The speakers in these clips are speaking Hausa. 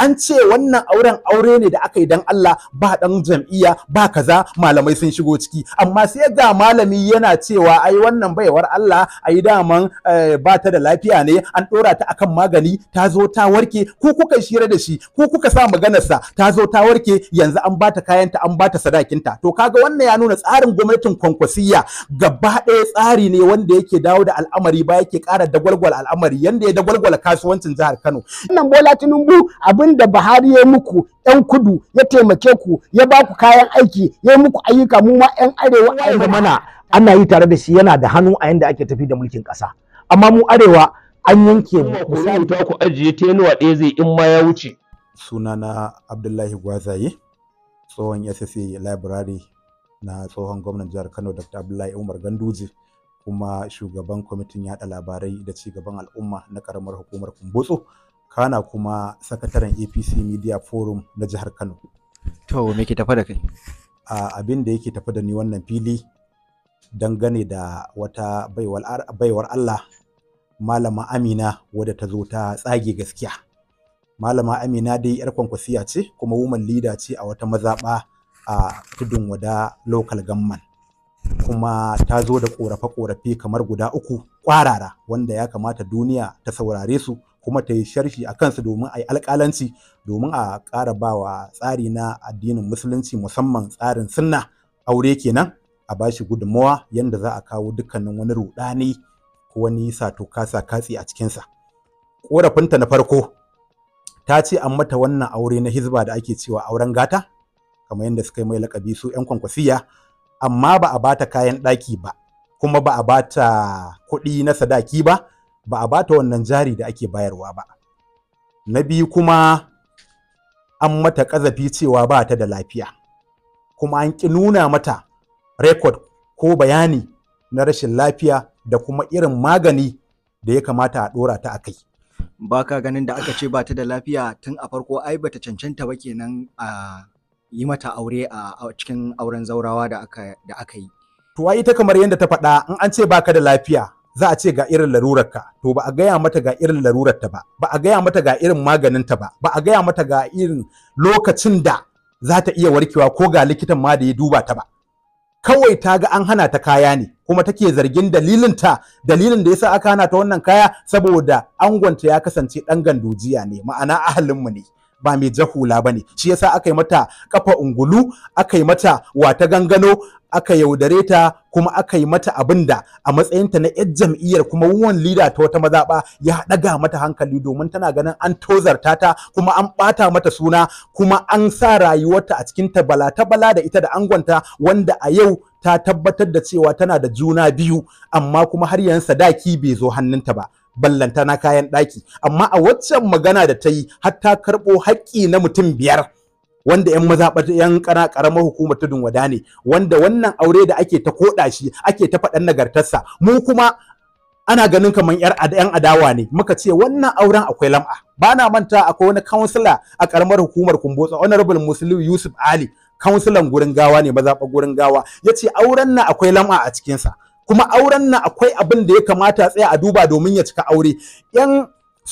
an ce wannan auren aure ne da aka yi dan Allah ba dan jam'iyya ba kaza malamai sun shigo ciki amma sai ga malami yana cewa ai wannan baiwar Allah ai daman eh, ba ta da lafiya ne an dora ta akan magani ta zo ta warke ku kuka shira da shi ku kuka sa maganar sa ta zo ta warke yanzu an ba ta kayanta an ba ta sadakinta to kaga wannan ya nuna tsarin gwamnatin kwankwasiyya gaba ɗaya tsari ne wanda yake dawo da al'amari ba yake ƙara dagwalgwal al'amari yanda ya dagwalgwala kasuwancin jihar Kano wannan Bola Tinubu abin taimakon Buhari ya muku yan kudu ya taimake ku ya ba ku kayan aiki ya muku ayyuka mu ma yan arewa a mana ana yi tare da shi yana da hannu a yanda ake tafi da mulkin ƙasa amma mu arewa an yanke mu misali ta ku ajiye tenuwa ɗaya zai in ma ya wuce sunana Abdullahi Gwazaye tsohon SSA library na tsohon gwamnan jihar Kano Dr. Abdullahi Umar Ganduje kuma shugaban kwamitin yada labarai da cigaban al'umma na karamar hukumar Kumbotso kana kuma sakataren apc media forum na jihar kano to me ke tafa da kai abin da yake tafa da ni wannan fili dangane da wata baiwar allah malama amina wadda ta zo ta tsage gaskiya malama amina dai yar kwankwasiya ce kuma woman leader ce a wata mazaɓa a tudun wada local gamman kuma ta zo da ƙorafe-ƙorafe kamar guda uku ƙwarara wanda ya kamata duniya ta saurare su kuma ta yi sharhi a kansu domin a yi alƙalanci domin a ƙara ba wa tsari na addinin musulunci musamman tsarin sunna aure kenan a ba shi gudunmawa yadda za a kawo dukkanin wani ruɗani ko wani sato kasa katsi a cikinsa ƙorafinta na farko ta ce an mata wannan aure na hizba da ake cewa auren gata kamar yadda suka yi mai lakabi su 'yan kwankwasiya amma ba a bata kayan ɗaki ba kuma ba a bata kuɗi na sadaki ba ba a bata wannan jari da ake bayarwa ba na biyu kuma an mata ƙazafi cewa ba ta da lafiya kuma an ƙi nuna mata rekod ko bayani na rashin lafiya da kuma irin magani da ya kamata a ɗora ta a kai ba ka ganin da aka ce ba ta da lafiya tun a farko ai bata cancanta ba kenan a yi mata aure a cikin auren zaurawa da aka yi to ita kamar yadda ta faɗa in an ce baka da lafiya za a ce ga irin larurarka to ba a gaya mata ga irin larurarta ba ba a gaya mata ga irin maganinta ba ba a gaya mata ga irin lokacin da za ta iya warkewa ko ga likitan ma da ya duba ta ba kawai ta ga an hana ta kaya ne kuma take zargin dalilinta dalilin da yasa aka hana ta wannan kaya saboda angonta ya kasance dan gandojiya ne ma'ana ahalinmu ne ba mai jahula ba ne shi yasa aka yi mata kafa ungulu aka yi mata wata gangano aka yaudare ta kuma aka yi mata abin da a matsayinta na yar jam'iyyar kuma wuwan lida ta wata mazaɓa ya ɗaga mata hankali domin tana ganin an tozarta ta kuma an ɓata mata suna kuma an sa rayuwarta a cikin ta bala ta bala da ita da angonta wanda a yau ta tabbatar da cewa tana da juna biyu amma kuma har yanzu sadaki bai zo hannunta ba ballanta na kayan ɗaki amma a waccan magana da ta yi har ta karɓo haƙƙi na mutum biyar wanda 'yan mazaɓar 'yan ƙana ƙaramar hukumar tudun wada ne wanda wannan aure da ake ta koɗa shi ake ta faɗan nagartarsa mu kuma ana ganin kamar 'yan adawa ne muka ce wannan auren akwai lam'a ba na manta akwai wani kansila a ƙaramar hukumar kumbotsa honorable muslim yusuf ali kansilan gurin gawa ne mazaɓar gurin gawa ya ce auren na akwai lam'a a cikinsa kuma auren nan akwai abin da ya kamata tsaya a duba domin ya cika aure yan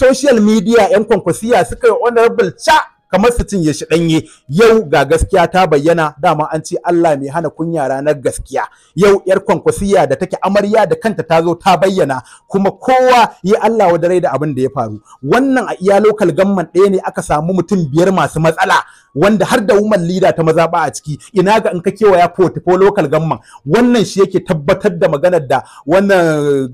social media yan kwankwasiya suka yi honorable cha kamar su cinye shi ɗanye yau ga gaskiya ta bayyana dama an ce Allah mai hana kunya ranar gaskiya yau yar kwankwasiya da take amarya da kanta ta zo ta bayyana kuma kowa yi Allah wadarai da abin da ya faru wannan a iya local gamman ɗaya ne aka samu mutum biyar masu matsala wanda har da woman leader ta maza ba a ciki ina ga in ka kewaya portfolio local government wannan shi yake tabbatar da maganar da wannan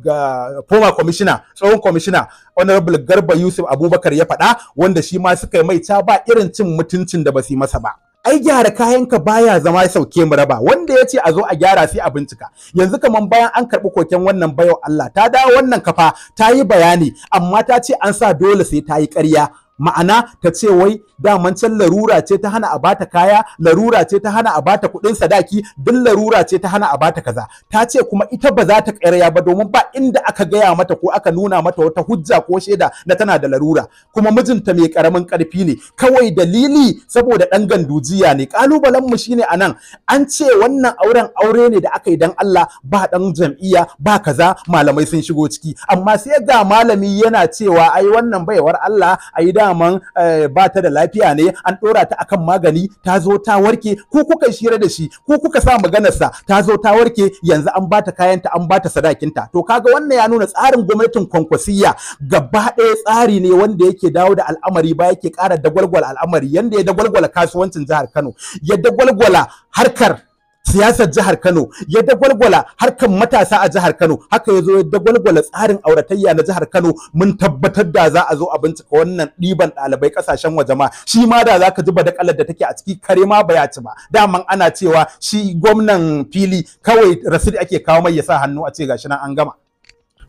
former commissioner tsohon commissioner honorable garba yusuf abubakar ya faɗa wanda shi ma suka yi mai ta ba irin cin mutuncin da ba su yi masa ba ai gyara kayan ka baya zama sauke mu raba wanda ya ce a zo a gyara sai a bincika yanzu kaman bayan an karbi koken wannan bayo Allah ta dawo wannan kafa ta yi bayani amma ta ce an sa dole sai ta yi ƙarya ma'ana ta ce wai daman can larura ce ta hana a bata kaya larura ce ta hana a bata kuɗin sadaki duk larura ce ta hana a bata kaza ta ce kuma ita ba za ta ƙarya ba domin ba inda aka gaya mata ko aka nuna mata wata hujja ko shaida na tana da larura kuma mijinta mai karamin karfi ne kawai dalili saboda ɗan gandujiya ne ƙalubalen mu shine anan an ce wannan auren aure ne da aka yi dan Allah ba dan jam'iyya ba kaza malamai sun shigo ciki amma sai ga malami yana cewa ai wannan baiwar Allah ai daman eh, ba ta da lafiya ne an ɗora ta akan magani ta zo ta warke ku kuka shira da shi ku kuka sa maganarsa ta zo ta warke yanzu an bata kayanta an bata sadakinta to kaga wannan ya nuna tsarin gwamnatin kwankwasiyya gaba ɗaya tsari ne wanda yake dawo da al'amari ba yake ƙara dagwalgwala al'amari yanda ya dagwalgwala kasuwancin jihar Kano ya dagwalgwala harkar siyasar jihar Kano ya dagwalgwala harkan matasa a jihar Kano haka ya zo ya dagwalgwala tsarin auratayya na jihar Kano mun tabbatar da za a zo a bincika wannan ɗiban ɗalibai ƙasashen waje ma shi ma da za ka ji ba da take a ciki kare ma baya ci ba daman ana cewa shi gwamnan fili kawai rasidi ake kawo mai ya hannu a ce gashi nan an gama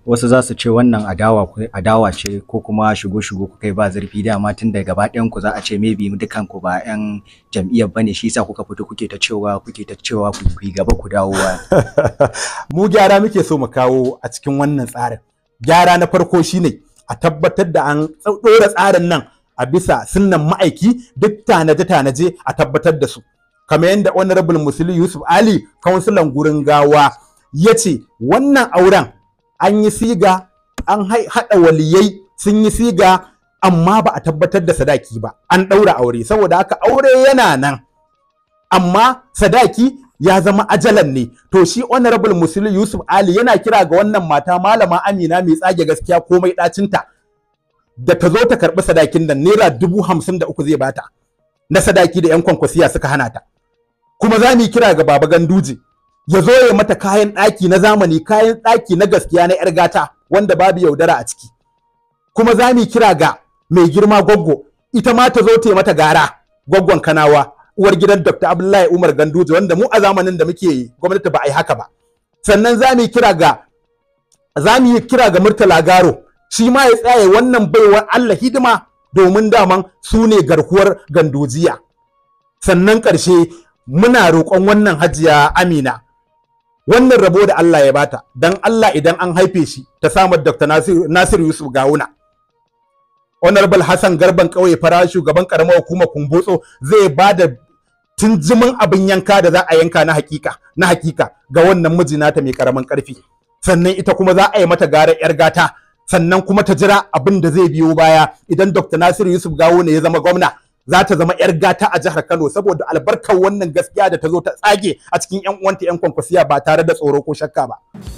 wasu za su ce wannan adawa adawa ce ko kuma shigo shigo kuka ba zurfi dama tun da gaba ku za a ce maybe dukan ba yan jam'iyyar bane shi yasa kuka fito kuke ta cewa kuke ta cewa ku yi gaba ku dawowa mu gyara muke so mu kawo a cikin wannan tsarin gyara na farko shine a tabbatar da an ɗora tsarin nan a bisa sunnan ma'aiki duk tanaje tanaje a tabbatar da su kamar yadda honorable musuli yusuf ali kansilan gurin gawa ya ce wannan auren an yi siga an haɗa waliyai sun yi siga amma ba a tabbatar da sadaki ba an ɗaura aure saboda haka aure yana nan amma sadaki ya zama ajalan ne to shi honorable muslim yusuf ali yana kira ga wannan mata malama amina mai tsage gaskiya komai ɗacinta da ta zo ta karɓi sadakin nan naira dubu hamsin da uku zai bata na sadaki da 'yan kwankwasiya suka hana ta kuma za mu kira ga baba ganduje ya zo ya mata kayan ɗaki na zamani kayan ɗaki na gaskiya na 'yar gata wanda babu yaudara a ciki kuma za mu kira ga mai girma goggo ita ma ta zo ta mata gara goggon kanawa uwar gidan dr abdullahi umar ganduje wanda mu a zamanin da muke gwamnati ba a yi haka ba sannan za mu kira ga za mu yi kira ga murtala garo shi ma ya tsaya wannan baiwar allah hidima domin daman su ne garkuwar gandujiya sannan ƙarshe muna roƙon wannan hajiya amina wannan rabo da Allah ya bata dan Allah idan an haife shi ta samu Dr. Nasir, Nasir Yusuf Gawuna Honorable Hassan Garban kauye fara shugaban ƙaramar hukumar Kumbotso zai ba da tunjimin abin yanka da za a yanka na hakika na hakika ga wannan mijina ta mai karamin ƙarfi, sannan ita kuma za a yi mata gara yar gata sannan kuma ta jira abin da zai biyo baya idan Dr. Nasir Yusuf Gawuna ya zama gwamna za ta zama yar gata a jihar Kano saboda albarkar wannan gaskiya da ta zo ta tsage a cikin yan uwanta yan kwankwasiya ba tare da tsoro ko shakka ba